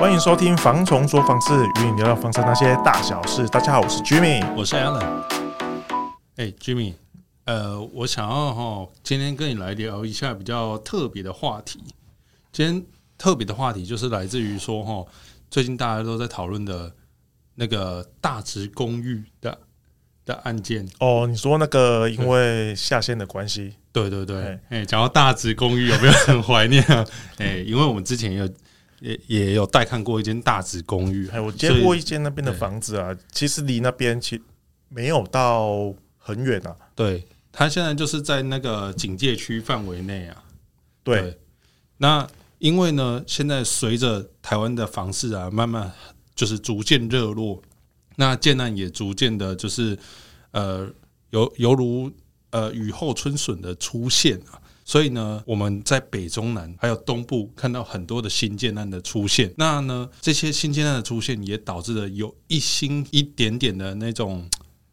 歡迎收聽《房蟲說房事》，與你聊聊房事那些大小事。大家好，我是 Jimmy，我是 Allen。欸，Jimmy，呃，我想要哈，今天跟你來聊一下比較特別的話題。今天特別的話題就是來自於說哈，最近大家都在討論的那個大直公寓的的案件。哦，你說那個因為下線的關係？對對對，哎、欸，講、欸、到大直公寓， 有沒有很懷念、啊？哎、欸，因為我們之前有。也也有帶看過一間大直公寓，哎，我接過一間那邊的房子啊，其實離那邊其沒有到很遠啊。對，他現在就是在那個警戒區範圍內啊。對，對，那因為呢，現在隨着台灣的房市啊，慢慢就是逐漸熱絡，那建案也逐漸的就是呃，猶猶如呃雨後春筍的出現，啊所以呢，我們在北中南還有東部看到很多的新建案的出現，那呢，這些新建案的出現也導致了有一新一點點的那種，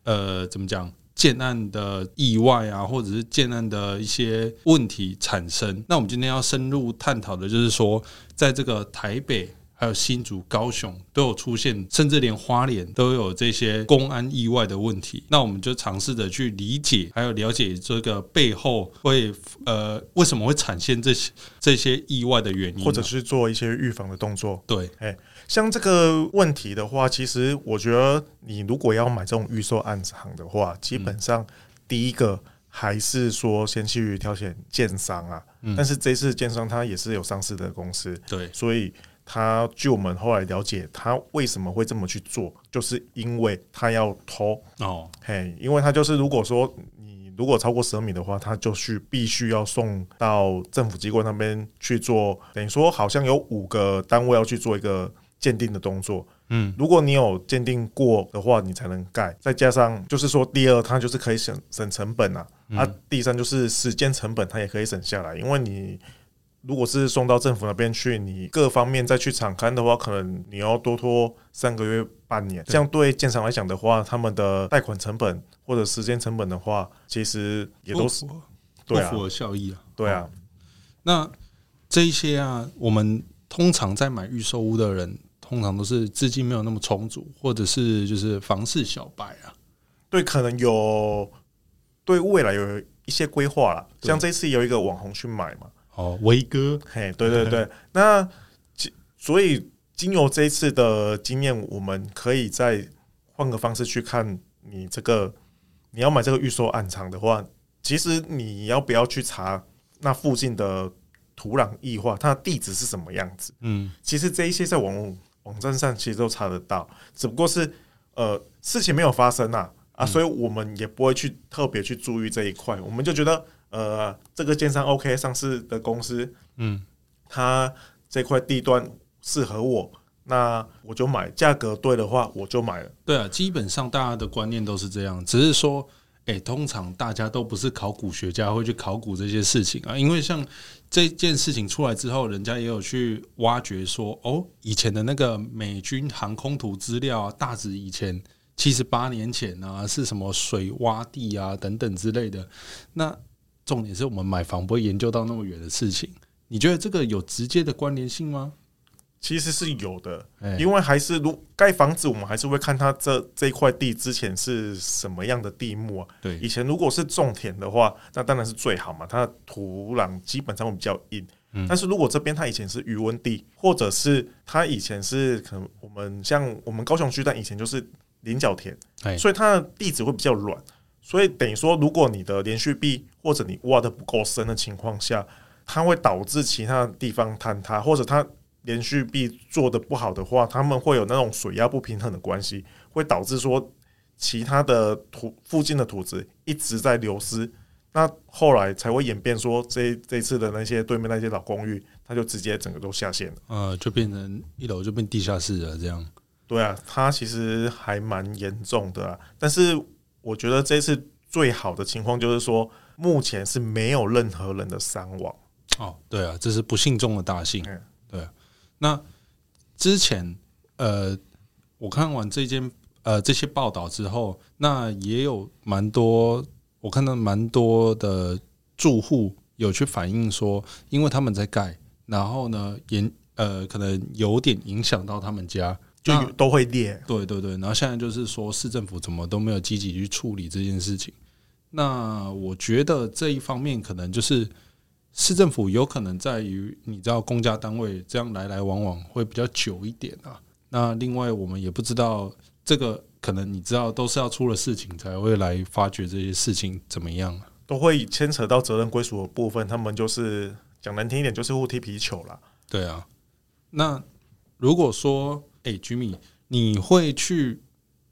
呃，怎麼講，建案的意外啊，或者是建案的一些問題產生。那我們今天要深入探討的就是說，在這個台北。還有新竹、高雄都有出現，甚至連花蓮都有這些工安意外的問題。那我們就嘗試着去理解，還有了解這個背後會呃為什麼會產生這些這些意外的原因，或者是做一些預防的動作。對，哎，欸，像這個問題的話，其實我覺得你如果要買這種預售案場的話，基本上第一個還是說先去挑選建商啊。嗯，但是這次建商它也是有上市的公司。對，所以。他據我們後來了解，他為什麼會這麼去做，就是因為他要偷哦，嘿，因為他就是如果說你如果超過十二米的話，他就去必須要送到政府機關那邊去做，等於說好像有五個單位要去做一個鑑定的動作。嗯,嗯，如果你有鑑定過的話，你才能蓋。再加上就是說，第二，他就是可以省省成本啊,啊。那第三就是時間成本，他也可以省下來，因為你。如果是送到政府那邊去，你各方面再去敞開的話，可能你要多拖三個月半年。這樣對，對建商來講的話，他們的貸款成本或者時間成本的話，其實也都是，不服對啊，不符合效益啊，對啊。哦、那這一些啊，我們通常在買預售屋的人，通常都是資金沒有那麼充足，或者是就是房市小白啊。對，可能有對未來有一些規劃啦，對像這次有一個網紅去買嘛。哦，威哥，嘿，對對對，嗯、那，所以經由這一次的經驗，我們可以再換個方式去看你這個你要買這個預售案場的話，其實你要不要去查那附近的土壤液化，它的地址是什麼樣子？嗯，其實這一些在網網站上其實都查得到，只不過是呃，事情沒有發生啊啊，嗯、所以我們也不會去特別去注意這一塊，我們就覺得。呃，這個建商，OK 上市的公司，嗯，它這塊地段適合我，那我就買。價格對的話，我就買了。對啊，基本上大家的觀念都是這樣，只是說，哎、欸，通常大家都不是考古學家，會去考古這些事情啊。因為像這件事情出來之後，人家也有去挖掘說，哦，以前的那個美軍航空圖資料啊，大致以前七十八年前啊，是什麼水窪地啊等等之類的，那。重點是我們買房不會研究到那麼遠的事情，你覺得這個有直接的關聯性嗎？其實是有的，因為還是如果蓋房子，我們還是會看它這這塊地之前是什麼樣的地目啊？對，以前如果是種田的話，那當然是最好嘛，它的土壤基本上會比較硬。但是如果這邊它以前是魚塭地，或者是它以前是可能我們像我們高雄巨蛋以前就是菱角田，所以它的地質會比較軟，所以等於說如果你的連續壁。或者你挖的不夠深的情況下，它會導致其他地方坍塌，或者它連續壁做的不好的話，他們會有那種水壓不平衡的關係，會導致說其他的土附近的土質一直在流失，那後來才會演變說這這次的那些對面那些老公寓，它就直接整個都下線了，呃、啊，就變成一樓就變地下室了這樣。對啊，它其實還蠻嚴重的、啊，但是我覺得這次最好的情況就是說。目前是沒有任何人的傷亡。哦，對啊，這是不幸中的大幸。對啊。那之前呃，我看完這件呃這些報道之後，那也有蠻多，我看到蠻多的住戶有去反映說，因為他們在蓋，然後呢也呃可能有點影響到他們家，就都會裂。對對對，然後現在就是說市政府怎麼都沒有積極去處理這件事情。那我覺得這一方面可能就是市政府有可能在於你知道公家單位這樣來來往往會比較久一點啊。那另外我們也不知道這個可能你知道都是要出了事情才會來發覺這些事情怎麼樣，都會牽扯到責任歸屬的部分。他們就是講難聽一點就是互踢皮球啦。對啊，那如果說哎、欸、，Jimmy，你會去？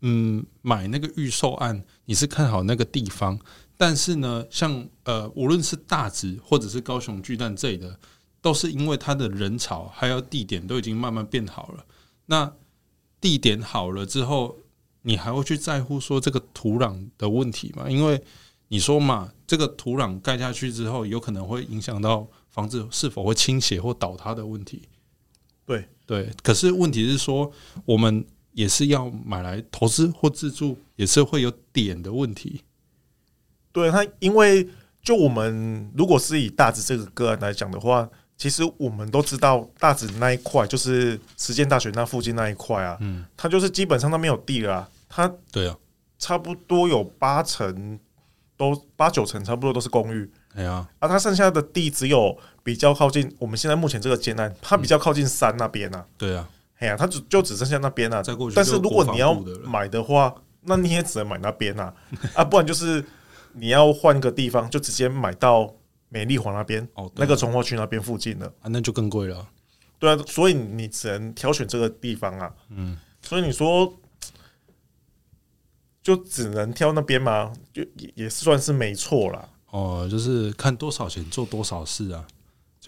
嗯，買那個預售案，你是看好那個地方，但是呢，像呃，無論是大直或者是高雄巨蛋這裡的，都是因為它的人潮還有地點都已經慢慢變好了。那地點好了之後，你還會去在乎說這個土壤的問題嗎？因為你說嘛，這個土壤蓋下去之後，有可能會影響到房子是否會傾斜或倒塌的問題。對對，可是問題是說我們。也是要買來投資或自住，也是會有點的問題。對，他因為就我們如果是以大直這個個案來講的話，其實我們都知道大直那一塊就是實踐大學那附近那一塊啊，嗯，它就是基本上都沒有地了、啊。它對啊，差不多有八層都八九層，8, 成差不多都是公寓。哎呀，啊，它剩下的地只有比較靠近我們現在目前這個建案，它比較靠近山那邊啊、嗯。對啊。哎呀，它只、啊、就只剩下那邊、啊、了。但是如果你要買的話，那你也只能買那邊啊， 啊，不然就是你要換個地方，就直接買到美麗華那邊哦，啊、那個重劃區那邊附近了，啊，那就更貴了。對啊，所以你只能挑選這個地方啊。嗯，所以你說就只能挑那邊嗎？就也也算是沒錯啦。哦，就是看多少錢做多少事啊。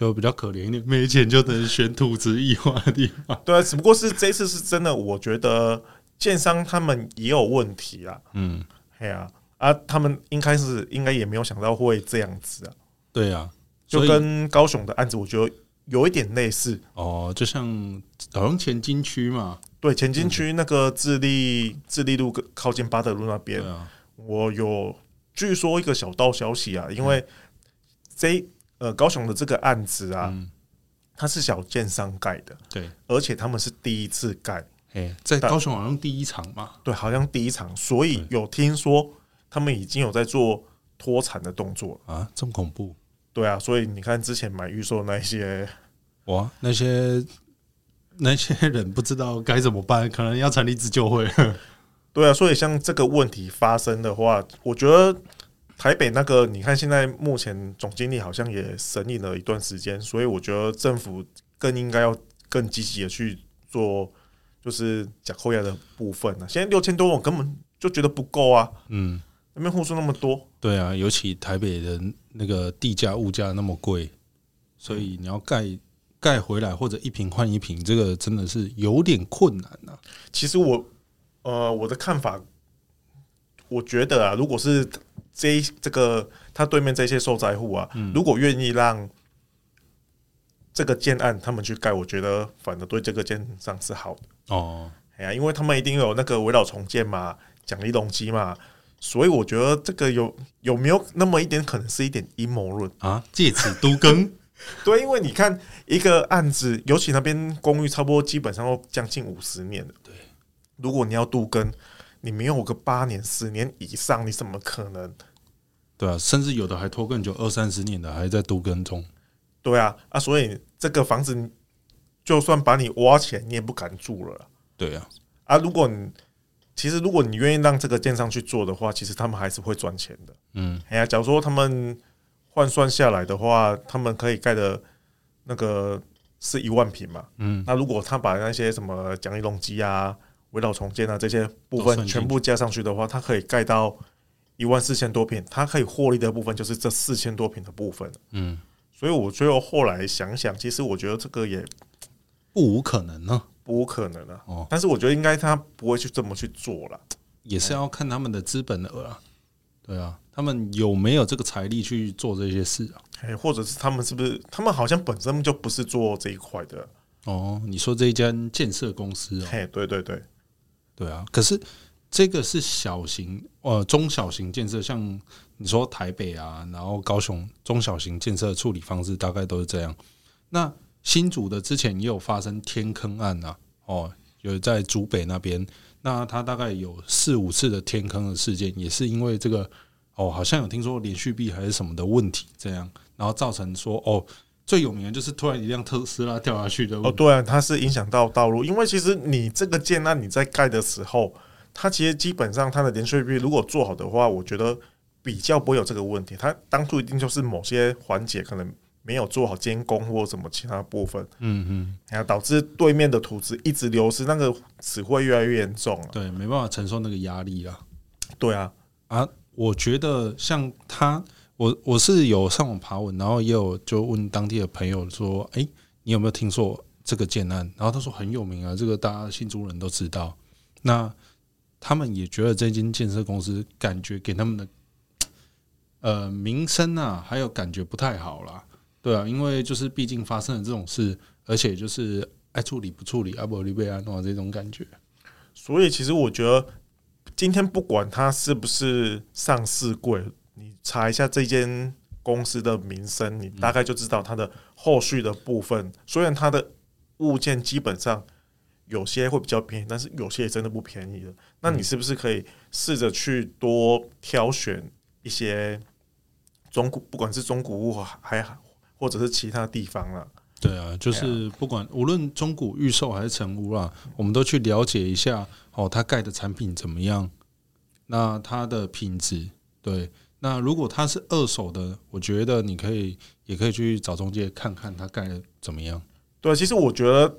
就比較可憐一點，沒錢就能選土質液化的地方。對啊，只不過是這次是真的，我覺得建商他們也有問題啊，嗯，對啊，啊，他們應該是應該也沒有想到會這樣子啊。對啊，就跟高雄的案子，我覺得有一點類似哦，就像好像前金區嘛，對，前金區那個自立自立路靠近八德路那邊，啊、我有據說一個小道消息啊，嗯、因為這。呃，高雄的這個案子啊，他、嗯、是小建商蓋的，對，而且他們是第一次蓋，哎、欸，在高雄但好像第一場吧？對，好像第一場，所以有聽說他們已經有在做脫產的動作對啊，這麼恐怖。對啊，所以你看之前買預售那些，哇，那些那些人不知道該怎麼辦，可能要成立自救會， 對啊，所以像這個問題發生的話，我覺得。台北那個，你看現在目前總經理好像也審理了一段時間，所以我覺得政府更應該要更積極的去做，就是假扣押的部分呢、啊。現在六千多我根本就覺得不夠啊，嗯，那邊戶數那麼多，對啊，尤其台北人那個地價物價那麼貴，所以你要蓋蓋回來或者一坪換一坪，這個真的是有點困難啊。其實我呃我的看法，我覺得啊，如果是這這個他對面這些受災戶啊，嗯、如果願意讓這個建案他們去蓋，我覺得反而對這個建商是好的哦。哎呀、嗯，因為他們一定有那個危老重建嘛，獎勵容積嘛，所以我覺得這個有有沒有那麼一點可能是一點陰謀論啊？借此都更？ 對，因為你看一個案子，尤其那邊公寓差不多基本上都將近五十年了。對，如果你要都更。你沒有個八年十年以上，你怎麼可能？對啊，甚至有的還拖更久，二三十年的還在都更中。對啊，啊，所以這個房子就算把你挖起來，你也不敢住了。對啊，啊，如果你其實如果你願意讓這個建商去做的話，其實他們還是會賺錢的。嗯，哎呀、啊，假如說他們換算下來的話，他們可以蓋的那個是一萬坪嘛？嗯，那如果他把那些什麼獎勵動機啊？危老重建啊，這些部分全部加上去的話，它可以蓋到一萬四千多坪，它可以獲利的部分就是這四千多坪的部分。嗯，所以我最後後來想想，其實我覺得這個也不無可能呢、啊，不無可能呢、啊。哦，但是我覺得應該他不會去這麼去做了，也是要看他們的資本額啊。對啊，他們有沒有這個財力去做這些事啊、欸？或者是他們是不是他們好像本身就不是做這一塊的？哦，你說這一間建設公司、哦？嘿、欸，對對對。對啊，可是這個是小型呃中小型建設，像你說台北啊，然後高雄中小型建設處理方式大概都是這樣。那新竹的之前也有發生天坑案啊，哦，有在竹北那邊，那它大概有四五次的天坑的事件，也是因為這個哦，好像有聽說連續壁還是什麼的問題這樣，然後造成說哦。最有名的就是突然一輛特斯拉掉下去的哦，對啊，它是影響到道路，因為其實你這個建案你在蓋的時候，它其實基本上它的連續壁如果做好的話，我覺得比較不會有這個問題。它當初一定就是某些環節可能沒有做好監工或什麼其他部分，嗯嗯哼，然後導致對面的土質一直流失，那個只會越來越嚴重了，對，沒辦法承受那個壓力啊，對啊啊，我覺得像它。我我是有上網爬文，然後也有就問當地的朋友說：“哎、欸，你有沒有聽說這個建案？”然後他說：“很有名啊，這個大家新竹人都知道。”那他們也覺得這間建設公司感覺給他們的呃名聲啊，還有感覺不太好啦。對啊，因為就是畢竟發生了這種事，而且就是愛處理不處理阿波利貝安諾這種感覺，所以其實我覺得今天不管他是不是上市櫃。你查一下這間公司的名聲，你大概就知道它的後續的部分。雖然它的物件基本上有些會比較便宜，但是有些也真的不便宜的。那你是不是可以試着去多挑選一些中古，不管是中古物還或者是其他地方了啊？對啊，就是不管無論中古預售還是成屋啦，我們都去了解一下哦，它蓋的產品怎麼樣？那它的品質對？那如果他是二手的，我覺得你可以也可以去找中介看看他蓋的怎麼樣。對，其實我覺得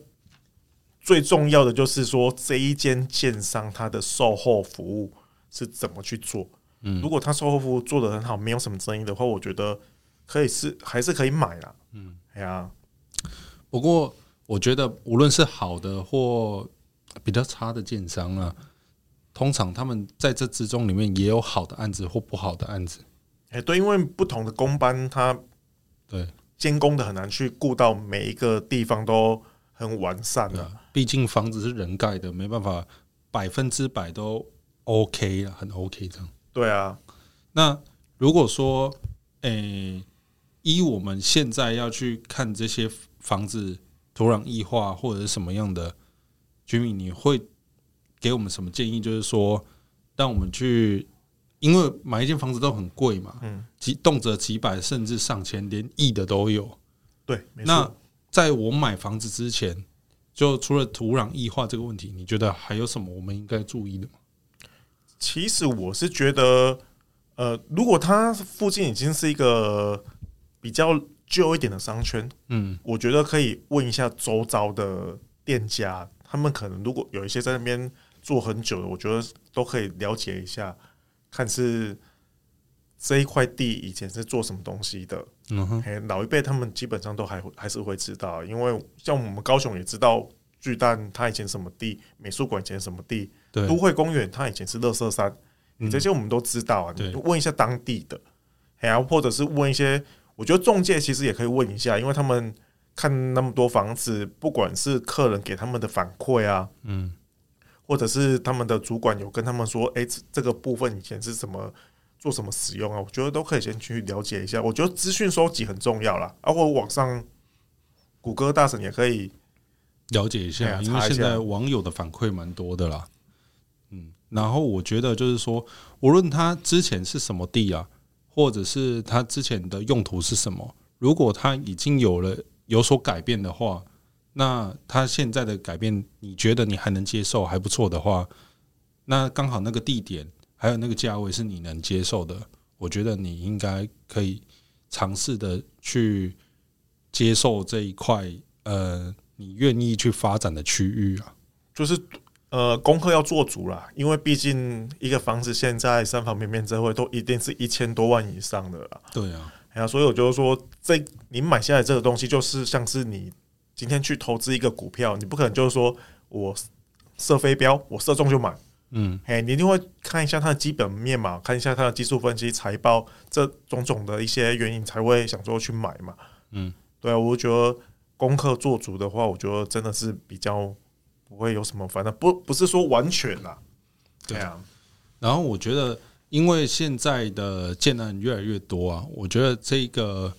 最重要的就是說這一間建商他的售後服務是怎麼去做。嗯，如果他售後服務做的很好，沒有什麼爭議的話，我覺得可以是還是可以買啦。嗯，哎呀、啊，不過我覺得無論是好的或比較差的建商啊。通常他們在這之中裡面也有好的案子或不好的案子。哎、欸，對，因為不同的工班，他對監工的很難去顧到每一個地方都很完善的、啊啊，畢竟房子是人蓋的，沒辦法百分之百都 OK 很 OK 這樣。對啊，那如果說，哎、欸，依我們現在要去看這些房子土壤液化或者是什麼樣的居民，Jimmy, 你會？給我們什麼建議？就是說，讓我們去，因為買一間房子都很貴嘛，嗯，幾動輒幾百甚至上千，連億的都有。對，沒錯。那在我買房子之前，就除了土壤液化這個問題，你覺得還有什麼我們應該注意的嗎？其實我是覺得，呃，如果它附近已經是一個比較舊一點的商圈，嗯，我覺得可以問一下周遭的店家，他們可能如果有一些在那邊。做很久的，我覺得都可以了解一下，看是這一塊地以前是做什麼東西的。嗯，哼，hey, 老一輩他們基本上都還會還是會知道，因為像我們高雄也知道巨蛋，他以前什麼地，美術館以前什麼地，對，都會公園他以前是垃圾山，你、嗯、這些我們都知道啊。對，問一下當地的，還要對、hey, 或者是問一些，我覺得仲介其實也可以問一下，因為他們看那麼多房子，不管是客人給他們的反饋啊，嗯。或者是他們的主管有跟他們說，誒、欸，這個部分以前是怎麼做什麼使用啊？我覺得都可以先去了解一下。我覺得資訊收集很重要啦，包、啊、括網上谷歌大神也可以了解一下，哎、一下因為現在網友的反饋蠻多的啦。嗯，然後我覺得就是說，無論他之前是什麼地啊，或者是他之前的用途是什麼，如果他已經有了有所改變的話。那他現在的改變，你覺得你還能接受，還不錯的話，那剛好那個地點還有那個價位是你能接受的，我覺得你應該可以嘗試的去接受這一塊，呃，你願意去發展的區域啊。就是呃，功課要做足啦，因為畢竟一個房子現在三房面面這會都一定是一千多萬以上的啦。對啊，呀，所以我就是說，這你買下來這個東西，就是像是你。今天去投資一個股票，你不可能就是說我射飛鏢，我射中就買，嗯，哎，hey, 你一定會看一下它的基本面嘛，看一下它的技術分析、財報這種種的一些原因，才會想說去買嘛，嗯，對啊，我覺得功課做足的話，我覺得真的是比較不會有什麼反應，反正不不是說完全啦，對,對啊。然後我覺得，因為現在的建案越來越多啊，我覺得這個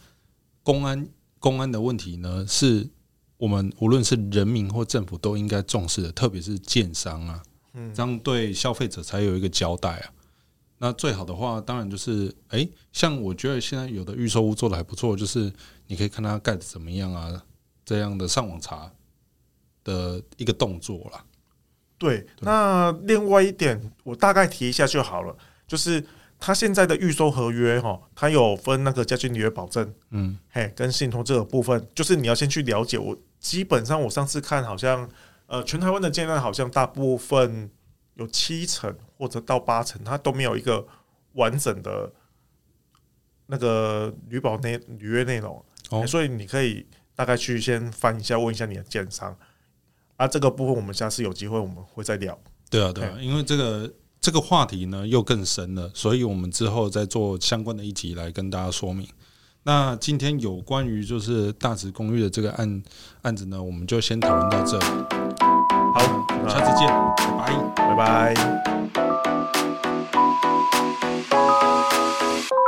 工安工安的問題呢是。我們無論是人民或政府都應該重視的，特別是建商啊，嗯、這樣對消費者才有一個交代啊。那最好的話，當然就是，誒、欸，像我覺得現在有的預售屋做得還不錯，就是你可以看它蓋的怎麼樣啊，這樣的上網查的一個動作啦。對，對那另外一點，我大概提一下就好了，就是。他現在的預售合約，哈，他有分那個家具履約保證，嗯，嘿，跟信託這個部分，就是你要先去了解我。我基本上我上次看，好像呃，全台灣的建商好像大部分有七成或者到八成，它都沒有一個完整的那個履保內履約內容。哦，所以你可以大概去先翻一下，問一下你的建商。啊，這個部分我們下次有機會我們會再聊。對啊，對啊，對啊嘿，因為這個。這個話題呢又更深了，所以我們之後再做相關的一集來跟大家說明。那今天有關於就是大直公寓的這個案案子呢，我們就先討論到這裡。好，嗯啊、下次見，拜拜拜拜，拜拜拜拜。